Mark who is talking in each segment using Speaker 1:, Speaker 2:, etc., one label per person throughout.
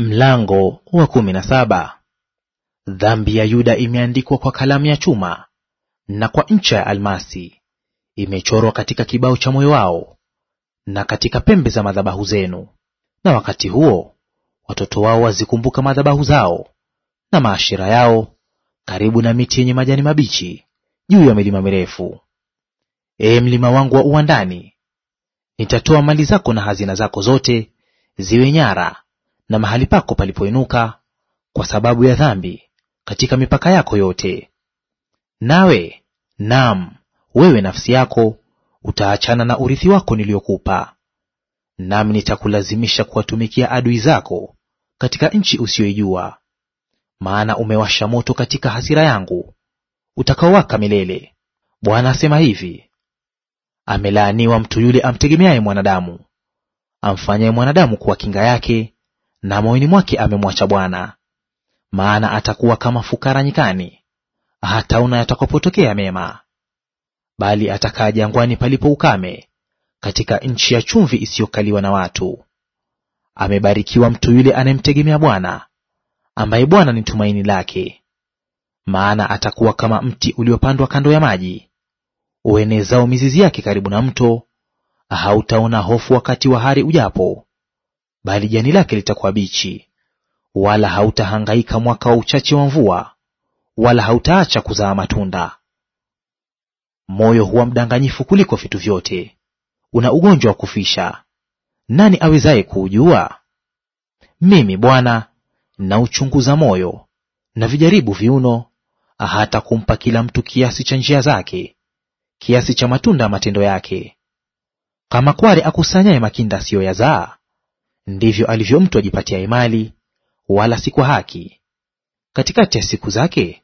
Speaker 1: Mlango wa kumi na saba. Dhambi ya Yuda imeandikwa kwa kalamu ya chuma na kwa ncha ya almasi, imechorwa katika kibao cha moyo wao na katika pembe za madhabahu zenu. Na wakati huo watoto wao wazikumbuka madhabahu zao na maashira yao karibu na miti yenye majani mabichi juu ya milima mirefu. Ee mlima wangu wa uwandani, nitatoa mali zako na hazina zako zote ziwe nyara na mahali pako palipoinuka kwa sababu ya dhambi katika mipaka yako yote. Nawe nam wewe nafsi yako utaachana na urithi wako niliyokupa, nami nitakulazimisha kuwatumikia adui zako katika nchi usiyoijua. Maana umewasha moto katika hasira yangu utakaowaka milele. Bwana asema hivi, amelaaniwa mtu yule amtegemeaye mwanadamu, amfanyaye mwanadamu kuwa kinga yake na moyoni mwake amemwacha Bwana. Maana atakuwa kama fukara nyikani, hataona yatakapotokea mema. Bali atakaa jangwani palipo ukame, katika nchi ya chumvi isiyokaliwa na watu. Amebarikiwa mtu yule anayemtegemea Bwana, ambaye Bwana ni tumaini lake. Maana atakuwa kama mti uliopandwa kando ya maji, uenezao mizizi yake karibu na mto; hautaona hofu wakati wa hari ujapo, bali jani lake litakuwa bichi, wala hautahangaika mwaka wa uchache wa mvua, wala hautaacha kuzaa matunda. Moyo huwa mdanganyifu kuliko vitu vyote, una ugonjwa wa kufisha; nani awezaye kuujua? Mimi Bwana nauchunguza moyo na vijaribu viuno, hata kumpa kila mtu kiasi cha njia zake, kiasi cha matunda ya matendo yake. Kama kware akusanyaye makinda asiyoyazaa, ndivyo alivyo mtu ajipatiaye mali, wala si kwa haki. Katikati ya siku zake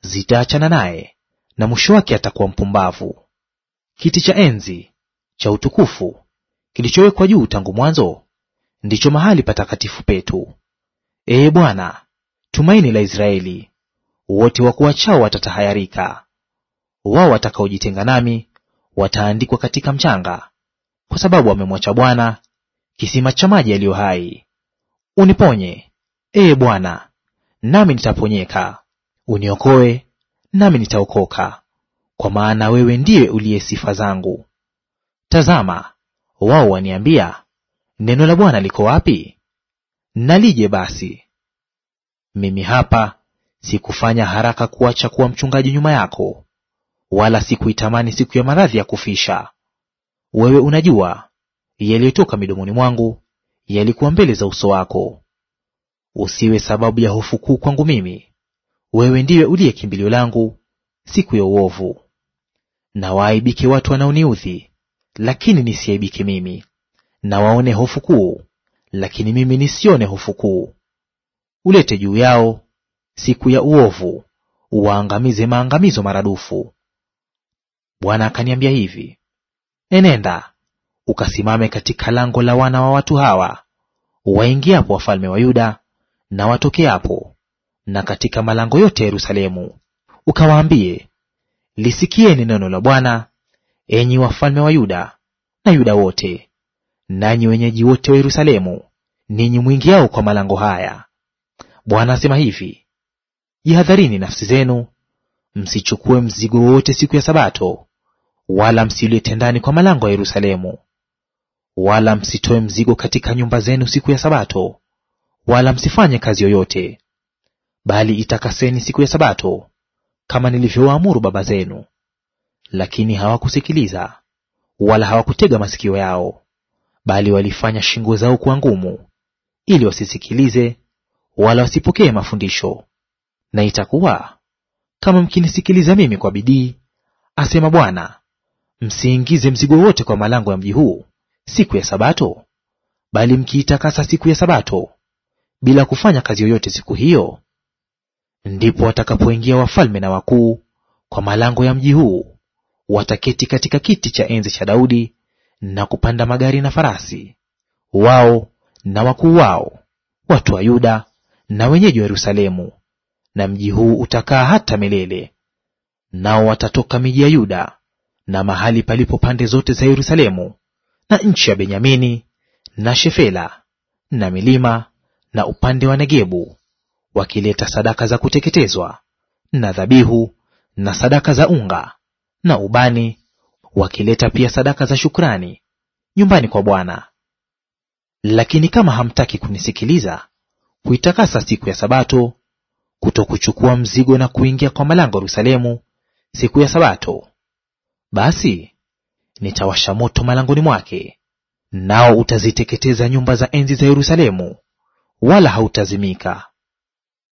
Speaker 1: zitaachana naye, na mwisho wake atakuwa mpumbavu. Kiti cha enzi cha utukufu kilichowekwa juu tangu mwanzo ndicho mahali patakatifu petu. Ee Bwana, tumaini la Israeli, wote kuwachao watatahayarika. Wao watakaojitenga nami wataandikwa katika mchanga, kwa sababu wamemwacha Bwana kisima cha maji yaliyo hai. Uniponye, Ee Bwana, nami nitaponyeka; uniokoe, nami nitaokoka, kwa maana wewe ndiye uliye sifa zangu. Tazama, wao waniambia, neno la Bwana liko wapi? Nalije basi. Mimi hapa, sikufanya haraka kuacha kuwa mchungaji nyuma yako, wala sikuitamani siku ya maradhi ya kufisha. Wewe unajua yaliyotoka midomoni mwangu yalikuwa mbele za uso wako. Usiwe sababu ya hofu kuu kwangu mimi; wewe ndiwe uliye kimbilio langu siku ya uovu. Na waaibike watu wanaoniudhi, lakini nisiaibike mimi; na waone hofu kuu, lakini mimi nisione hofu kuu. Ulete juu yao siku ya uovu, uwaangamize maangamizo maradufu. Bwana akaniambia hivi, enenda ukasimame katika lango la wana wa watu hawa waingiapo wafalme wa Yuda na watokeapo, na katika malango yote ya Yerusalemu, ukawaambie, lisikieni neno la Bwana, enyi wafalme wa Yuda na Yuda wote, nanyi wenyeji wote wa Yerusalemu, ninyi mwingiao kwa malango haya. Bwana asema hivi, jihadharini nafsi zenu, msichukue mzigo wowote siku ya Sabato, wala msiulete ndani kwa malango ya Yerusalemu wala msitoe mzigo katika nyumba zenu siku ya Sabato, wala msifanye kazi yoyote, bali itakaseni siku ya Sabato kama nilivyowaamuru baba zenu. Lakini hawakusikiliza wala hawakutega masikio yao, bali walifanya shingo zao kuwa ngumu, ili wasisikilize wala wasipokee mafundisho. Na itakuwa kama mkinisikiliza mimi kwa bidii, asema Bwana, msiingize mzigo wote kwa malango ya mji huu siku ya Sabato, bali mkiitakasa siku ya Sabato bila kufanya kazi yoyote siku hiyo, ndipo watakapoingia wafalme na wakuu kwa malango ya mji huu, wataketi katika kiti cha enzi cha Daudi na kupanda magari na farasi, wao na wakuu wao, watu wa Yuda na wenyeji wa Yerusalemu, na mji huu utakaa hata milele. Nao watatoka miji ya Yuda na mahali palipo pande zote za Yerusalemu na nchi ya Benyamini na Shefela na milima na upande wa Negebu, wakileta sadaka za kuteketezwa na dhabihu na sadaka za unga na ubani, wakileta pia sadaka za shukrani nyumbani kwa Bwana. Lakini kama hamtaki kunisikiliza kuitakasa siku ya Sabato, kutokuchukua mzigo na kuingia kwa malango Yerusalemu siku ya Sabato, basi nitawasha moto malangoni mwake, nao utaziteketeza nyumba za enzi za Yerusalemu, wala hautazimika.